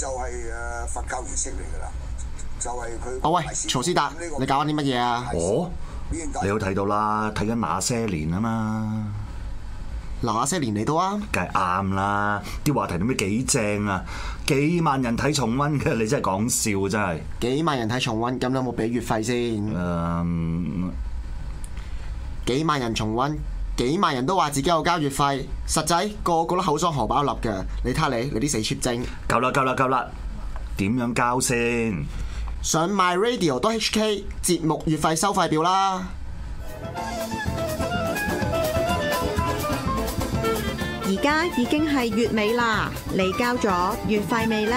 就係誒佛教儀式嚟噶啦，就係、是、佢、那個。阿喂，曹思達，你搞緊啲乜嘢啊？哦，你都睇到啦，睇緊那些年啊嘛，那些年連嚟到啊，梗係啱啦。啲話題點解幾正啊？幾萬人睇重溫嘅，你真係講笑真係。幾萬人睇重溫，咁有冇俾月費先？誒、嗯，幾萬人重溫。幾萬人都話自己有交月費，實際個,個個都口爽荷包立嘅。你睇下你，你啲死 cheap 精！夠啦夠啦夠啦，點樣交先？上 MyRadio.HK 節目月費收費表啦。而家已經係月尾啦，你交咗月費未呢？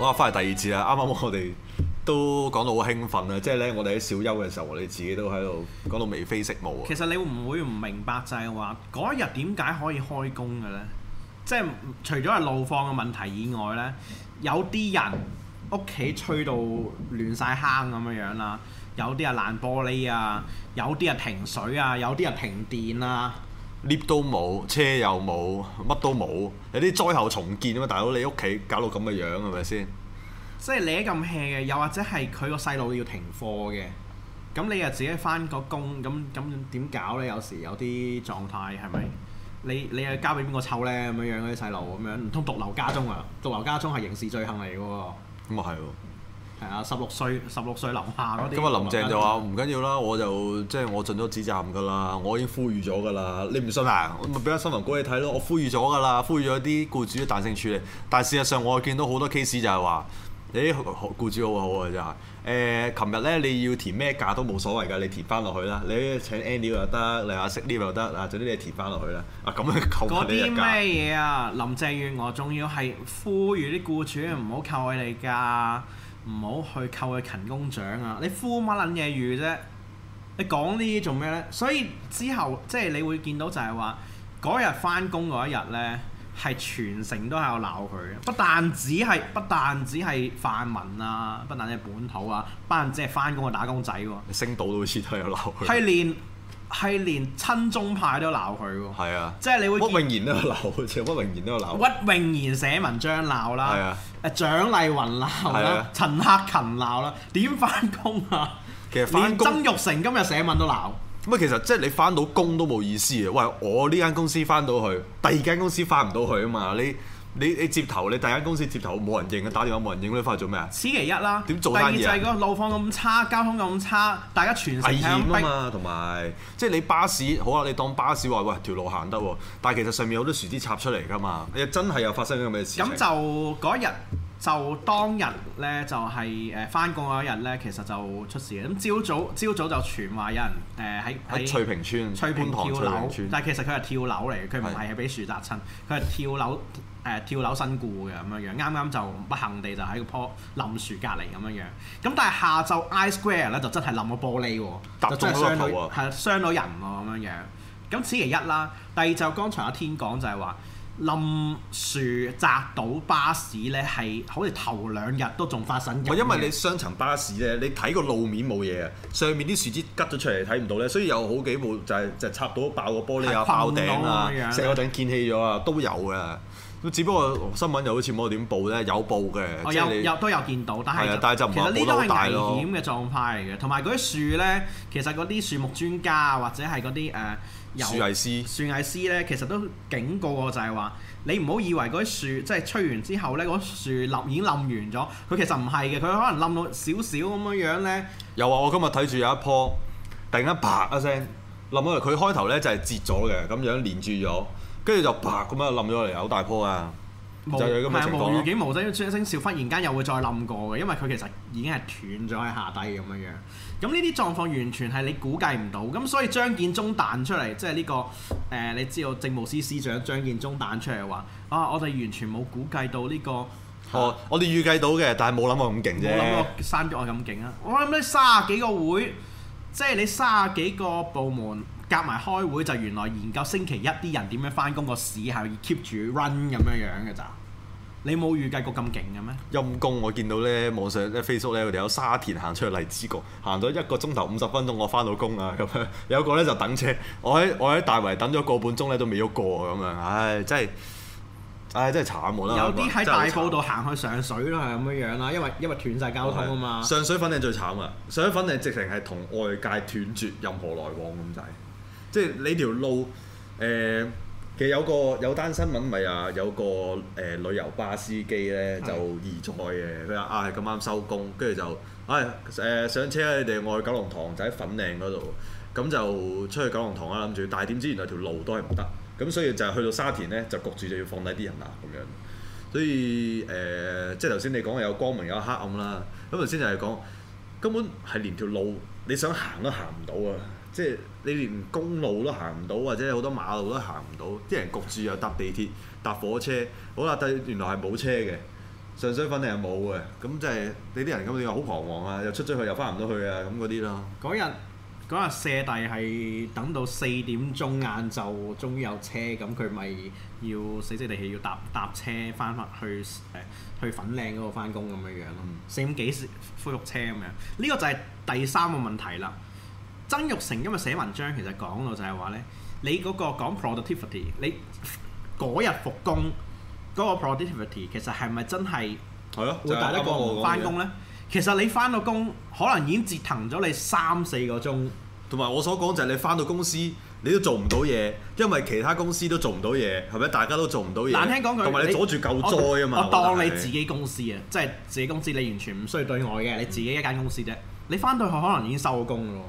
我話翻嚟第二次啊。啱啱我哋都講到好興奮啊，即係呢，我哋喺小休嘅時候，我哋自己都喺度講到眉飛色舞啊。其實你會唔會唔明白，就是，就係話嗰一日點解可以開工嘅呢？即係除咗係路況嘅問題以外呢，有啲人屋企吹到亂晒坑咁樣樣啦，有啲係爛玻璃啊，有啲係停水啊，有啲係停電啊。lift 都冇，車又冇，乜都冇，有啲災後重建啊嘛！大佬你屋企搞到咁嘅樣係咪先？是是即係你咁氣嘅，又或者係佢個細路要停課嘅，咁你又自己翻個工，咁咁點搞呢？有時有啲狀態係咪？你你又交俾邊個湊呢？咁樣樣嗰啲細路咁樣，唔通獨留家中啊？獨留家中係刑事罪行嚟嘅喎。咁啊係喎。係啊，十六歲，十六歲樓下嗰啲。咁啊，林鄭就話唔緊要啦，我就即係我進咗指站㗎啦。我已經呼籲咗㗎啦，你唔信啊？咪俾啲新聞過去睇咯，我呼籲咗㗎啦，呼籲咗啲僱主彈性處理。但係事實上，我見到好多 case 就係話，誒、哎、僱主好好啊，真、呃、係。誒，琴日咧你要填咩假都冇所謂㗎，你填翻落去啦。你請 annual 又得，你下 sick leave 又得，嗱、啊，總之你填翻落去啦。啊，咁樣扣嗰啲咩嘢啊？ 林鄭月娥仲要係呼籲啲僱主唔好扣佢哋㗎。 唔好去扣佢勤工獎啊！你呼乜撚嘢魚啫！你講呢啲做咩呢？所以之後即係你會見到就係話，嗰日翻工嗰一日呢，係全城都喺度鬧佢。不但只係，不但只係泛民啊，不但只係本土啊，不但只係翻工嘅打工仔喎。你升到都好似都有鬧佢。係練。係連親中派都鬧佢喎，啊、即係你會屈穎妍都鬧，即係屈穎妍都鬧。屈穎妍寫文章鬧啦，誒、啊、蔣麗芸鬧啦，啊、陳克勤鬧啦，點翻工啊？其實翻工，連曾鈺成今日寫文都鬧。咁啊，其實即係你翻到工都冇意思啊。喂，我呢間公司翻到去，第二間公司翻唔到去啊嘛，你。你你接頭，你大間公司接頭冇人應啊！打電話冇人應，你返去做咩啊？此其一啦。點樣做，第二就係個路況咁差， 交通咁差，大家全城睇啊嘛，同埋即係你巴士好啊，你當巴士話喂條路行得，但係其實上面有好多樹枝插出嚟㗎嘛，又真係有發生咁嘅事。咁就嗰日。就當日咧，就係誒翻工嗰一日咧，其實就出事嘅。咁朝早朝早就傳話有人誒喺喺翠屏村翠屏橋跳樓，但係其實佢係跳樓嚟嘅，佢唔係係俾樹砸親，佢係是跳樓誒、呃、跳樓身故嘅咁樣樣。啱啱就不幸地就喺個棵冧樹隔離咁樣樣。咁但係下晝 iSquare 咧就真係冧咗玻璃喎，就真係傷到，係傷到人喎咁樣樣。咁此其一啦。第二就剛才阿天講就係話。冧樹砸到巴士咧，係好似頭兩日都仲發生，唔因為你雙層巴士咧，你睇個路面冇嘢啊，上面啲樹枝拮咗出嚟睇唔到咧，所以有好幾部就係就係插到爆個玻璃啊、的爆頂啊、碎個頂、見起咗啊，都有嘅。咁只不過新聞又好似冇點報咧，有報嘅、哦。有有都有見到，但係其實呢都係危險嘅狀態嚟嘅。同埋嗰啲樹咧，其實嗰啲樹木專家或者係嗰啲誒。呃樹藝師，樹藝師咧，其實都警告我，就係話你唔好以為嗰啲樹即係吹完之後咧，嗰樹冧已經冧完咗，佢其實唔係嘅，佢可能冧到少少咁樣樣咧。又話我今日睇住有一棵，突然間啪一聲冧咗嚟，佢開頭咧就係折咗嘅，咁樣連住咗，跟住就啪咁樣冧咗嚟，好大棵啊！唔無預警無聲一笑，忽然間又會再冧過嘅，因為佢其實已經係斷咗喺下底咁樣樣。咁呢啲狀況完全係你估計唔到，咁所以張建宗彈出嚟，即係呢、這個誒、呃，你知道政務司司長張建宗彈出嚟話：啊，我哋完全冇估計到呢、這個。啊哦、我哋預計到嘅，但係冇諗過咁勁啫。冇諗過咗我咁勁啊！我諗呢三十幾個會，即係你三十幾個部門。.夾埋開會就原來研究星期一啲人點樣翻工，個市係要 keep 住 run 咁樣樣嘅咋？你冇預計過咁勁嘅咩？陰公，我見到咧，網上咧 Facebook 咧，佢哋有沙田行出去荔枝角，行咗一個鐘頭五十分鐘我，我翻到工啊咁樣。有個咧就等車，我喺我喺大圍等咗個半鐘咧都未喐過咁樣。唉，真係唉真係慘喎！有啲喺大埔度行去上水咯，係咁樣樣啦。因為因為斷晒交通啊嘛、嗯。上水粉嶺最慘啊！上水粉嶺直情係同外界斷絕任何來往咁滯。即係你條路，誒其實有個有單新聞咪啊，有個誒旅遊巴司機咧就義載嘅，佢話啊咁啱收工，跟住就誒誒上車你哋我去九龍塘，就喺粉嶺嗰度，咁就出去九龍塘啦，諗住，但係點知原來條路都係唔得，咁所以就去到沙田咧，就焗住就要放低啲人啦咁樣。所以誒，即係頭先你講有光明有黑暗啦，咁頭先就係講根本係連條路你想行都行唔到啊！即係你連公路都行唔到，或者好多馬路都行唔到，啲人焗住又搭地鐵、搭火車。好啦，但原來係冇車嘅，上水粉嶺又冇嘅，咁即係你啲人咁樣好彷徨啊！又出咗去又翻唔到去啊咁嗰啲咯。嗰日嗰日社弟係等到四點鐘晏晝，終於有車，咁佢咪要死死地氣要搭搭車翻翻去誒去粉嶺嗰度翻工咁樣樣咯。四點幾先恢復車咁樣？呢、嗯這個就係第三個問題啦。曾鈺成今日寫文章其實講到就係話呢：你嗰個講 productivity，你嗰日復工嗰個 productivity 其實係咪真係係咯？會大得過唔翻工呢，其實你翻到工可能已經折騰咗你三四個鐘，同埋我所講就係你翻到公司你都做唔到嘢，因為其他公司都做唔到嘢，係咪？大家都做唔到嘢。難聽講句，同埋你阻住救災啊嘛我。我當你自己公司啊，即係是自己公司，你完全唔需要對外嘅，你自己一間公司啫。你翻到去可能已經收咗工咯。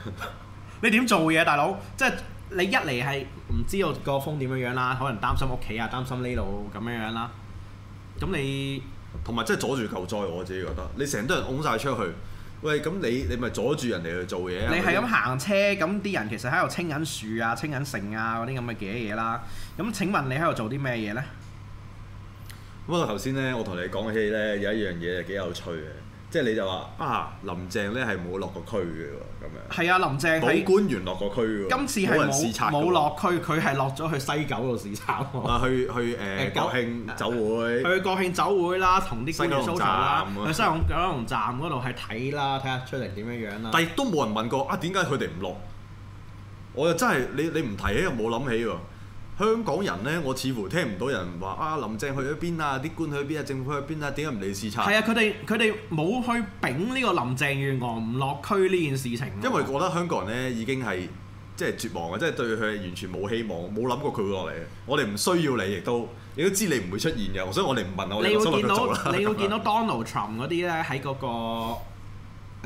你點做嘢、啊，大佬？即係你一嚟係唔知道個風點樣樣、啊、啦，可能擔心屋企啊，擔心呢度咁樣樣、啊、啦。咁你同埋即係阻住救災，我自己覺得，你成堆人㧬曬出去，喂，咁你你咪阻住人哋去做嘢、啊。你係咁行車，咁啲人其實喺度清緊樹啊、清緊城啊嗰啲咁嘅嘅嘢啦。咁、啊、請問你喺度做啲咩嘢呢？不過頭先呢，我同你講起呢，有一樣嘢係幾有趣嘅。即係你就話啊，林鄭咧係冇落個區嘅喎，咁樣。係啊，林鄭冇官員落個區喎。今次係冇冇視察、冇落區，佢係落咗去西九度視察。啊，去去誒、呃、九國慶酒會。去國慶酒會啦，同啲官員蘇察啦。西啊、去西九九龍站嗰度係睇啦，睇下出嚟點樣樣、啊、啦。但亦都冇人問過啊，點解佢哋唔落？我又真係你你唔提起，我冇諗起喎。香港人咧，我似乎聽唔到人話啊，林鄭去咗邊啊，啲官去邊啊，政府去邊啊，點解唔理視察？係啊，佢哋佢哋冇去秉呢個林鄭月娥唔落區呢件事情。因為我覺得香港人咧已經係即係絕望嘅，即係對佢完全冇希望，冇諗過佢會落嚟，我哋唔需要你，亦都你都知你唔會出現嘅，所以我哋唔問我。你會見到 你會見到 Donald Trump 嗰啲咧喺嗰個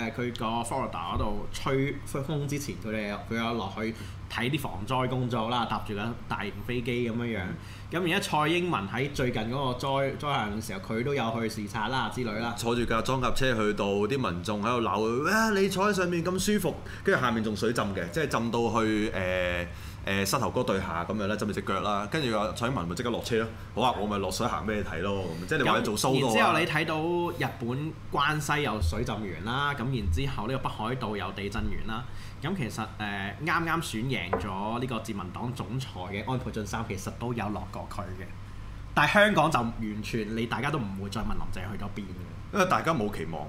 佢個、呃、Florida 嗰度吹風之前，佢哋佢有落去。睇啲防災工作啦，搭住架大型飛機咁樣樣。咁而家蔡英文喺最近嗰個災災難嘅時候，佢都有去視察啦之類啦，坐住架裝甲車去到啲民眾喺度鬧佢，啊你坐喺上面咁舒服，跟住下面仲水浸嘅，即係浸到去誒。呃」誒、呃、膝頭哥對下咁樣咧，浸埋隻腳啦，跟住話蔡英文咪即刻落車咯。好啊，我咪落水行俾你睇咯。即係你為咗做收多。之後你睇到日本關西有水浸完啦，咁然之後呢個北海道有地震完啦。咁其實誒啱啱選贏咗呢個自民黨總裁嘅安倍晉三，其實都有落過佢嘅。但係香港就完全你大家都唔會再問林鄭去咗邊。因為大家冇期望，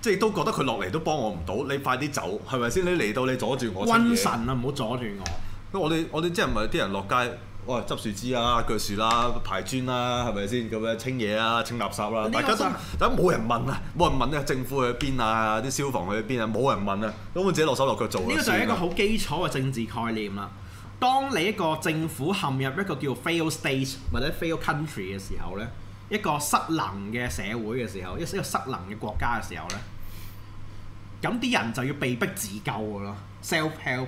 即係都覺得佢落嚟都幫我唔到，你快啲走係咪先？你嚟到你阻住我。瘟神啊！唔好阻住我。我哋我哋即係咪啲人落街，哇執樹枝啊、鋸樹啦、啊、排磚啦、啊，係咪先咁樣清嘢啊、清垃圾啦、啊？是大家都但係冇人問啊，冇人問咧、啊，政府去邊啊？啲消防去邊啊？冇人問啊，咁自己落手落腳做啊！呢個就係一個好基礎嘅政治概念啦。當你一個政府陷入一個叫 fail state 或者 fail country 嘅時候咧，一個失能嘅社會嘅時候，一個失能嘅國家嘅時候咧，咁啲人就要被逼自救㗎咯，self help。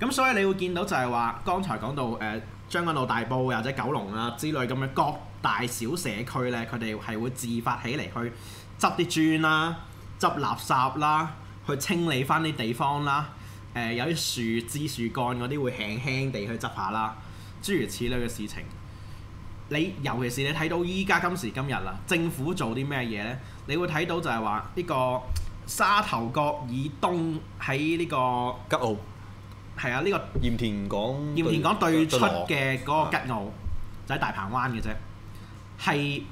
咁所以你會見到就係話，剛才講到誒將軍澳、大埔或者九龍啦之類咁嘅各大小社區呢，佢哋係會自發起嚟去執啲磚啦、執垃圾啦、去清理翻啲地方啦。呃、有啲樹枝樹幹嗰啲會輕輕地去執下啦。諸如此類嘅事情，你尤其是你睇到依家今時今日啦，政府做啲咩嘢呢？你會睇到就係話呢個沙頭角以東喺呢個吉澳。係啊，呢個鹽田港鹽田港對出嘅嗰個吉澳係、啊、就喺大鵬灣嘅啫。係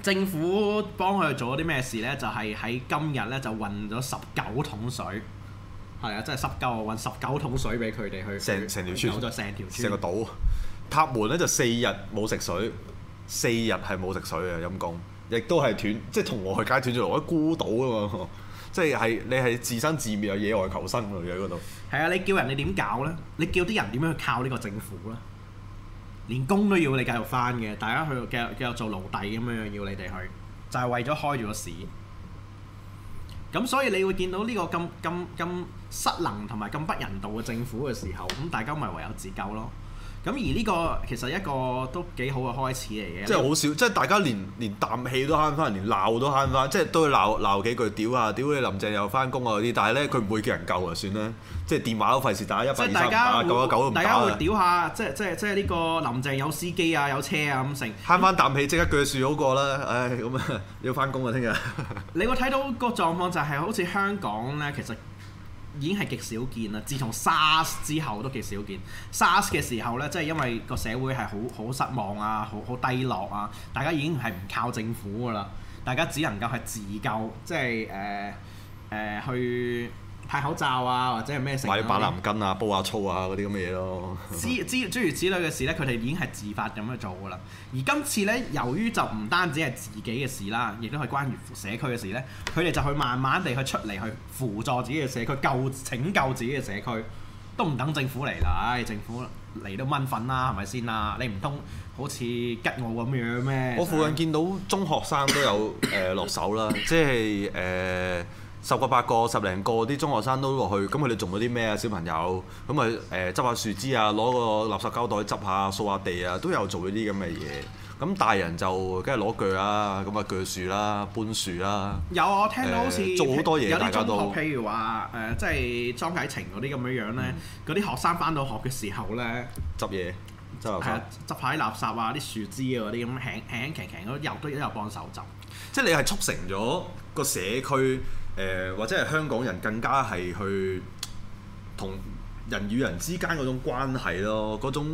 政府幫佢做咗啲咩事呢？就係、係、喺今日呢，就運咗十九桶水。係啊，真係十九，啊！運十九桶水俾佢哋去成成條村，成條成個島。塔門呢，就四日冇食水，四日係冇食水啊！陰公，亦都係斷，即係同外界斷咗我喺孤島啊嘛！即係係你係自生自滅又野外求生度。係啊，你叫人你點搞呢？你叫啲人點樣去靠呢個政府咧？連工都要你繼續返嘅，大家去繼續繼續做奴隸咁樣樣要你哋去，就係、是、為咗開住個市。咁所以你會見到呢個咁咁咁失能同埋咁不人道嘅政府嘅時候，咁大家咪唯有自救咯。咁而呢個其實一個都幾好嘅開始嚟嘅，即係好少，即係大家連連啖氣都慳翻，連鬧都慳翻，即係都會鬧鬧幾句屌下，屌你林鄭又翻工啊嗰啲。但係咧，佢唔會叫人救啊，算啦，即係電話都費事打一分二三啊，救一救大家會屌下，即係即係即係呢個林鄭有司機啊，有車啊咁成，慳翻啖氣，即刻句説好過啦。唉，咁啊要翻工啊，聽日。你會睇到個狀況就係、是、好似香港咧，其實。已經係極少見啦！自從 SARS 之後都極少見。SARS 嘅時候呢，即係因為個社會係好好失望啊，好好低落啊，大家已經係唔靠政府㗎啦，大家只能夠係自救，即係誒、呃呃、去。戴口罩啊，或者係咩成？買板藍根啊，煲下、啊、醋啊，嗰啲咁嘅嘢咯。諸 如此類嘅事呢，佢哋已經係自發咁去做㗎啦。而今次呢，由於就唔單止係自己嘅事啦，亦都係關於社區嘅事呢，佢哋就去慢慢地去出嚟去輔助自己嘅社區，救拯救自己嘅社區。都唔等政府嚟啦、哎，政府嚟都蚊瞓啦，係咪先啦、啊？你唔通好似吉我咁樣咩？我附近見到中學生都有誒落手啦，即係誒。 呃 十個八個十零個啲中學生都落去，咁佢哋做咗啲咩啊？小朋友咁咪誒執下樹枝啊，攞個垃圾膠袋執下掃下地啊，都有做咗啲咁嘅嘢。咁大人就梗係攞鋸啦，咁啊鋸樹啦、啊，搬樹啦、啊。有啊，我聽到好似、呃、有啲中學，譬如話誒，即係莊啟程嗰啲咁樣樣咧，嗰啲、嗯、學生翻到學嘅時候咧，執嘢執下，執下啲、啊、垃圾啊，啲樹枝啊嗰啲咁，輕輕輕輕嗰啲，又都有幫手執。即係你係促成咗個社區。誒或者係香港人更加係去同人與人之間嗰種關係咯，嗰種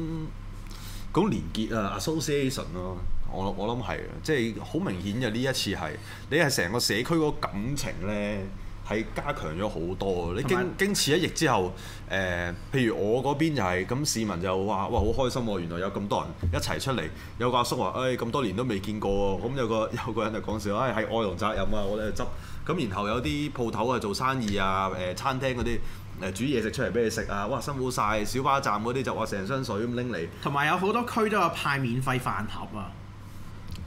嗰種連結啊，association 咯。我我諗係即係好明顯嘅呢一次係你係成個社區嗰個感情呢係加強咗好多。你經經此一役之後，呃、譬如我嗰邊就係咁，市民就話哇好開心喎、啊，原來有咁多人一齊出嚟。有個阿叔話，誒、哎，咁多年都未見過喎。咁有個有個人就講笑，誒、哎、係愛同責任啊，我哋執。咁然後有啲鋪頭啊，做生意啊誒、呃、餐廳嗰啲、呃、煮嘢食出嚟俾你食啊，哇辛苦晒！小巴站嗰啲就話成箱水咁拎嚟，同埋有好多區都有派免費飯盒啊，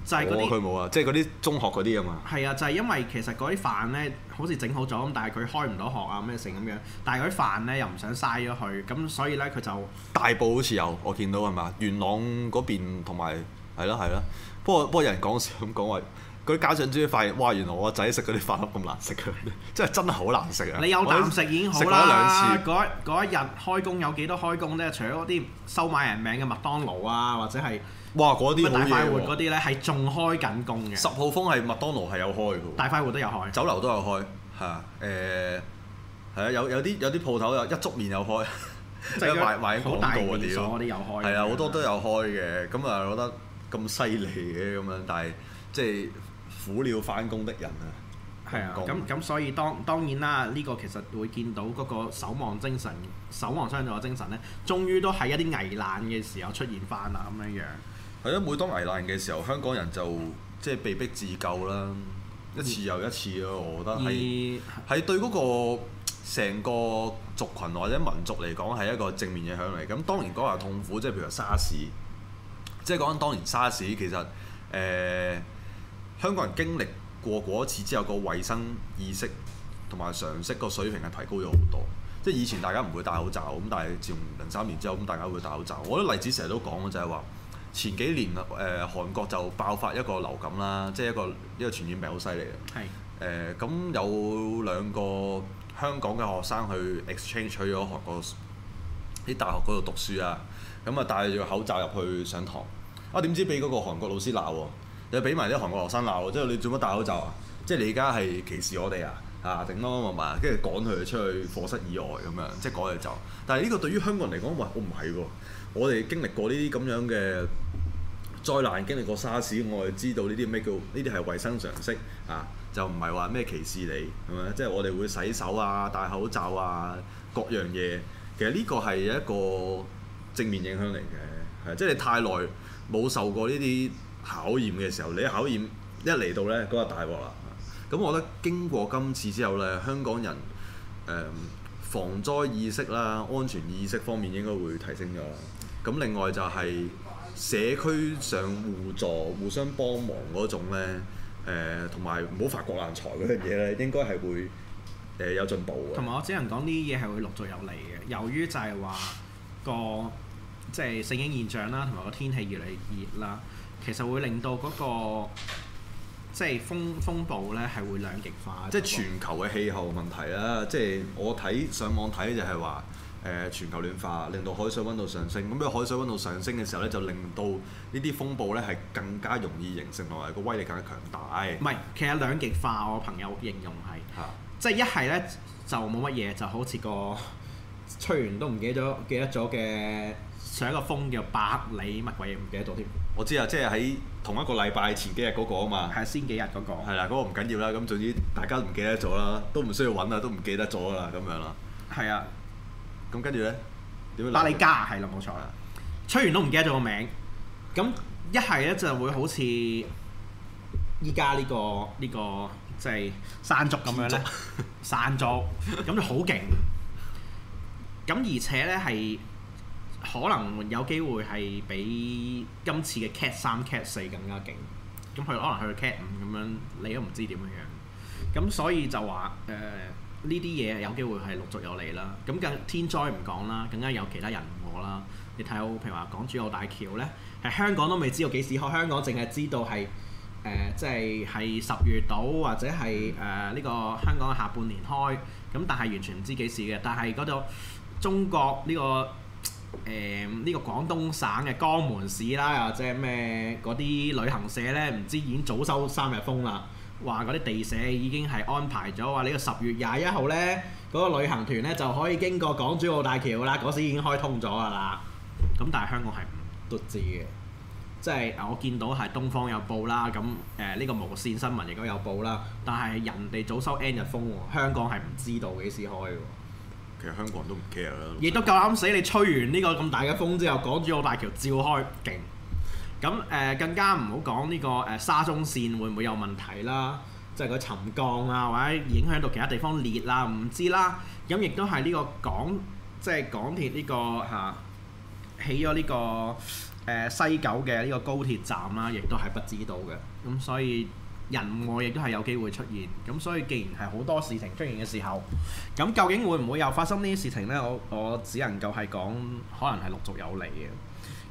就係嗰啲冇啊，即係嗰啲中學嗰啲啊嘛。係啊，就係、是啊就是、因為其實嗰啲飯呢好似整好咗咁，但係佢開唔到學啊咩成咁樣，但係嗰啲飯呢又唔想嘥咗佢，咁所以呢，佢就大埔好似有我見到係嘛，元朗嗰邊同埋係咯係咯，不過不過有人講笑咁講話。 佢加上啲飯，哇！原來我仔食嗰啲飯盒咁難食嘅，即係真係好難食啊！你有啖食已經好啦，嗰一嗰一日開工有幾多開工咧？除咗啲收買人命嘅麥當勞啊，或者係哇嗰啲，大快活嗰啲咧係仲開緊工嘅。十號風係麥當勞係有開嘅，大快活都有開，酒樓都有開，係啊，誒係啊，有有啲有啲鋪頭有，一粥麵有開，即係賣賣廣告嗰啲咯，啲有開，係啊，好多都有開嘅。咁啊，覺得咁犀利嘅咁樣，但係即係。苦了翻工的人啊，係啊，咁咁，所以當當然啦，呢、這個其實會見到嗰個守望精神、守望相助嘅精神呢，終於都喺一啲危難嘅時候出現翻啦，咁樣樣係啊。每當危難嘅時候，香港人就即係、就是、被逼自救啦，一次又一次咯。以我覺得係係以對嗰個成個族群或者民族嚟講係一個正面影響嚟。咁當然嗰下痛苦，即係譬如沙士，即係講緊當年沙士其實誒。呃香港人經歷過嗰次之後，個衛生意識同埋常識個水平係提高咗好多。即係以前大家唔會戴口罩咁，但係自零三年之後，咁大家會戴口罩。我啲例子成日都講嘅就係話，前幾年誒、呃、韓國就爆發一個流感啦，即係一個一個傳染病好犀利嘅。咁是、呃、有兩個香港嘅學生去 exchange 去咗韓國喺大學嗰度讀書啊，咁啊戴住個口罩入去上堂，啊點知俾嗰個韓國老師鬧喎、啊？你俾埋啲韓國學生鬧，即係你做乜戴口罩啊？即係你而家係歧視我哋啊？定、啊、頂咯，問問，跟住趕佢出去課室以外咁樣，即係趕佢走。但係呢個對於香港人嚟講，哇，我唔係喎，我哋經歷過呢啲咁樣嘅災難，經歷過沙士，我哋知道呢啲咩叫呢啲係衞生常識啊，就唔係話咩歧視你係咪？即係我哋會洗手啊、戴口罩啊、各樣嘢。其實呢個係一個正面影響嚟嘅，係即係你太耐冇受過呢啲。考驗嘅時候，你一考驗一嚟到呢，嗰日大鑊啦。咁我覺得經過今次之後呢，香港人、呃、防災意識啦、安全意識方面應該會提升咗。咁另外就係社區上互助、互相幫忙嗰種咧，同埋唔好發國難財嗰樣嘢呢，應該係會誒有進步。同埋我只能講啲嘢係會陸續有嚟嘅，由於就係話、嗰個即係聖嬰現象啦，同埋個天氣越嚟越熱啦。其實會令到嗰個即係風風暴呢，係會兩極化。如果即係全球嘅氣候問題啦。即係我睇上網睇就係話誒，全球暖化令到海水溫度上升。咁喺海水溫度上升嘅時候呢，就令到呢啲風暴呢，係更加容易形成落嚟，個威力更加強大。唔係，其實兩極化，我朋友形容係係即係一係呢，就冇乜嘢，就好似個。吹完都唔記得記得記得咗嘅，上一個風叫百里乜鬼嘢，唔記得咗添。我知啊，即係喺同一個禮拜前幾日嗰個啊嘛。係、啊、先幾日嗰、嗰個。啊嗰個、係啦，嗰個唔緊要啦，咁總之大家唔記得咗啦，都唔需要揾啦，都唔記得咗啦，咁樣啦。係啊，咁跟住咧，百里加係啦，冇、啊、錯啦。吹完都唔記得咗個名。咁一係咧就會好似依家呢個呢個即係山竹族咁族 樣咧，山竹咁就好勁。咁而且咧係可能有機會係比今次嘅 cat 三 cat 四更加勁，咁佢可能去到 cat 五咁樣，你都唔知點樣樣。咁所以就話誒呢啲嘢有機會係陸續有嚟啦。咁更天災唔講啦，更加有其他人禍啦。你睇好譬如話港珠澳大橋咧，係香港都未知道幾時開，香港淨係知道係誒即係係十月到或者係誒呢個香港下半年開，咁但係完全唔知幾時嘅。但係嗰度中國呢、呢個誒呢、呃呢個廣東省嘅江門市啦，或者咩嗰啲旅行社咧，唔知已經早收三日風啦。話嗰啲地社已經係安排咗，話呢個十月廿一號咧，嗰、嗰個旅行團咧就可以經過港珠澳大橋啦。嗰時已經開通咗㗎啦。咁但係香港係唔得知嘅，即係我見到係《東方有報》啦，咁誒呢個無線新聞亦都有報啦。但係人哋早收 n 日風喎，香港係唔知道幾時開喎。其實香港都唔 care 啦，亦都夠啱死。你吹完呢個咁大嘅風之後，港珠澳大橋照開勁。咁誒，更加唔好講呢個誒沙中線會唔會有問題啦，即係個沉降啊，或者影響到其他地方裂啊，唔知啦。咁亦都係呢個港，即係港鐵呢個嚇起咗呢個誒西九嘅呢個高鐵站啦，亦都係不知道嘅。咁所以。人外亦都係有機會出現，咁所以既然係好多事情出現嘅時候，咁究竟會唔會又發生呢啲事情呢？我我只能夠係講，可能係陸續有嚟嘅。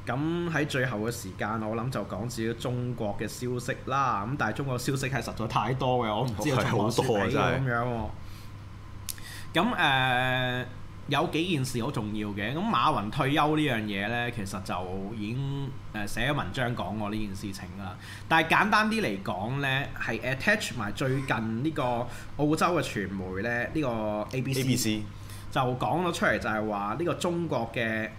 咁喺最後嘅時間，我諗就講少少中國嘅消息啦。咁但係中國消息係實在太多嘅，我唔知係好多啊真咁樣。咁誒。有幾件事好重要嘅，咁馬雲退休呢樣嘢呢，其實就已經誒寫咗文章講過呢件事情啦。但係簡單啲嚟講呢，係 attach 埋最近呢個澳洲嘅傳媒呢，呢、這個 ABC, ABC 就講咗出嚟，就係話呢個中國嘅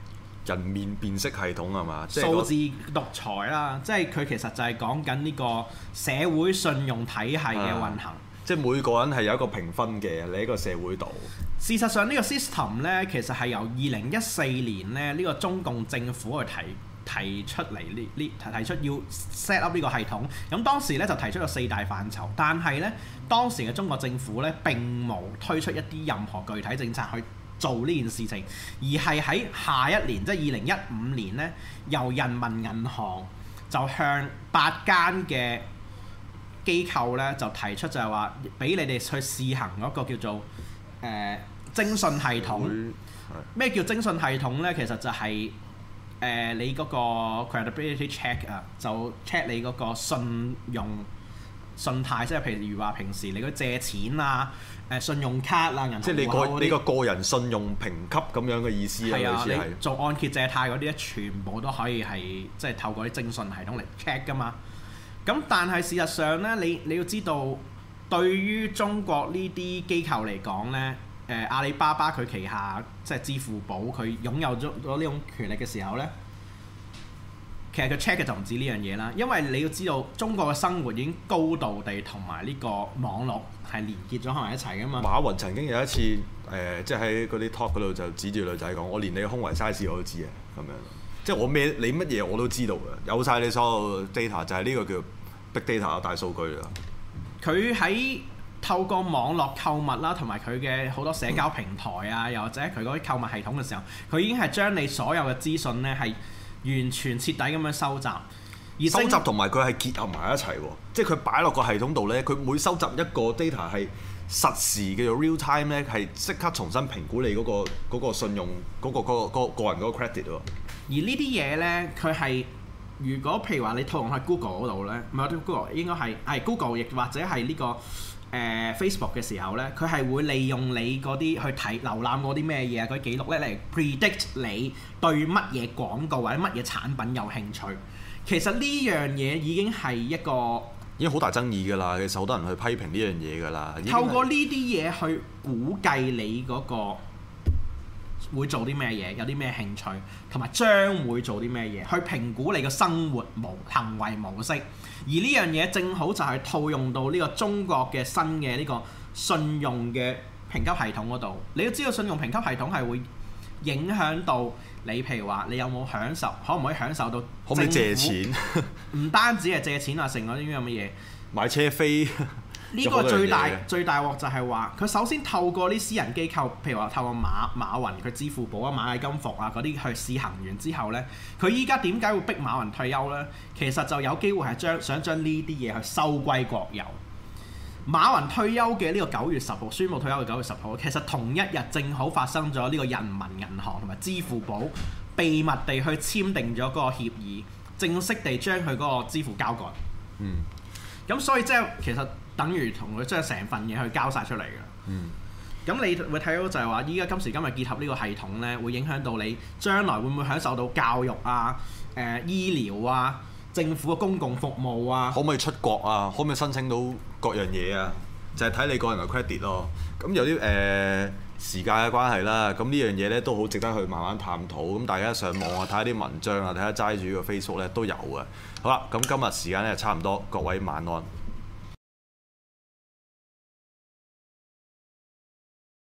人面辨識系統係嘛，就是那個、數字獨裁啦，即係佢其實就係講緊呢個社會信用體系嘅運行。嗯。即係每個人係有一個評分嘅，你喺一個社會度。事實上呢個 system 呢，其實係由二零一四年呢，呢、呢個中共政府去提提出嚟呢，呢提出要 set up 呢個系統。咁當時呢，就提出咗四大範疇，但係呢，當時嘅中國政府呢，並冇推出一啲任何具體政策去做呢件事情，而係喺下一年，即係二零一五年呢，由人民銀行就向八間嘅機構咧就提出就係話，俾你哋去試行嗰個叫做誒、呃、徵信系統。咩叫徵信系統咧？其實就係、是、誒、呃、你嗰個 credibility check 啊，就 check 你嗰個信用信貸，即係譬如話平時你去借錢啊、誒信用卡啦、啊，人哋即係你個你個個人信用評級咁樣嘅意思啊。係啊，你做按揭借貸嗰啲咧，全部都可以係即係透過啲徵信系統嚟 check 噶嘛。咁但係事實上呢，你你要知道，對於中國呢啲機構嚟講呢，誒、呃、阿里巴巴佢旗下即係支付寶佢擁有咗呢種權力嘅時候呢，其實佢 check 嘅就唔止呢樣嘢啦。因為你要知道，中國嘅生活已經高度地同埋呢個網絡係連結咗喺埋一齊噶嘛。馬雲曾經有一次誒，即係喺嗰啲 talk 嗰度就指住女仔講：我連你嘅胸圍 size 我都知啊！咁樣即係我咩你乜嘢我都知道嘅，有晒你所有 data 就係呢個叫。data 啊，大數據啊，佢喺透過網絡購物啦，同埋佢嘅好多社交平台啊，嗯、又或者佢嗰啲購物系統嘅時候，佢已經係將你所有嘅資訊呢係完全徹底咁樣收集，而收集同埋佢係結合埋一齊喎，即係佢擺落個系統度呢，佢每收集一個 data 係實時嘅 real time 呢係即刻重新評估你嗰、嗰個嗰個信用嗰、嗰個嗰、嗰個嗰個、個人嗰個 credit 喎，而呢啲嘢呢，佢係。如果譬如話你套用喺 Google 嗰度呢，唔係套 Google，應該係係 Google，亦或者係呢個誒 Facebook 嘅時候呢，佢係會利用你嗰啲去睇瀏覽過啲咩嘢啊嗰啲記錄呢嚟 predict 你對乜嘢廣告或者乜嘢產品有興趣。其實呢樣嘢已經係一個已經好大爭議㗎啦，其實好多人去批評呢樣嘢㗎啦。透過呢啲嘢去估計你嗰個，會做啲咩嘢？有啲咩興趣？同埋將會做啲咩嘢？去評估你嘅生活模行為模式。而呢樣嘢正好就係套用到呢個中國嘅新嘅呢個信用嘅評級系統嗰度。你要知道信用評級系統係會影響到你，譬如話你有冇享受，可唔可以享受到？可唔可以借錢？唔 單止係借錢啊，成啲咁嘅嘢，買車飛。 呢個最大最大鑊就係話，佢首先透過啲私人機構，譬如話透過馬馬雲佢支付寶啊、螞蟻金服啊嗰啲去試行完之後呢，佢依家點解會逼馬雲退休呢？其實就有機會係將想將呢啲嘢去收歸國有。馬雲退休嘅呢個九月十號宣布退休嘅九月十號，其實同一日正好發生咗呢個人民銀行同埋支付寶秘密地去簽訂咗個協議，正式地將佢嗰個支付交割。咁、嗯、所以即係其實。等於同佢將成份嘢去交晒出嚟㗎。嗯。咁你會睇到就係話，依家今時今日結合呢個系統呢，會影響到你將來會唔會享受到教育啊、誒、呃、醫療啊、政府嘅公共服務啊，可唔可以出國啊，可唔可以申請到各樣嘢啊？就係、是、睇你個人嘅 credit 咯。咁有啲誒、呃、時間嘅關係啦。咁呢樣嘢呢都好值得去慢慢探討。咁大家上網啊睇下啲文章啊，睇下齋主個 Facebook 呢都有嘅。好啦，咁今日時間呢差唔多，各位晚安，安。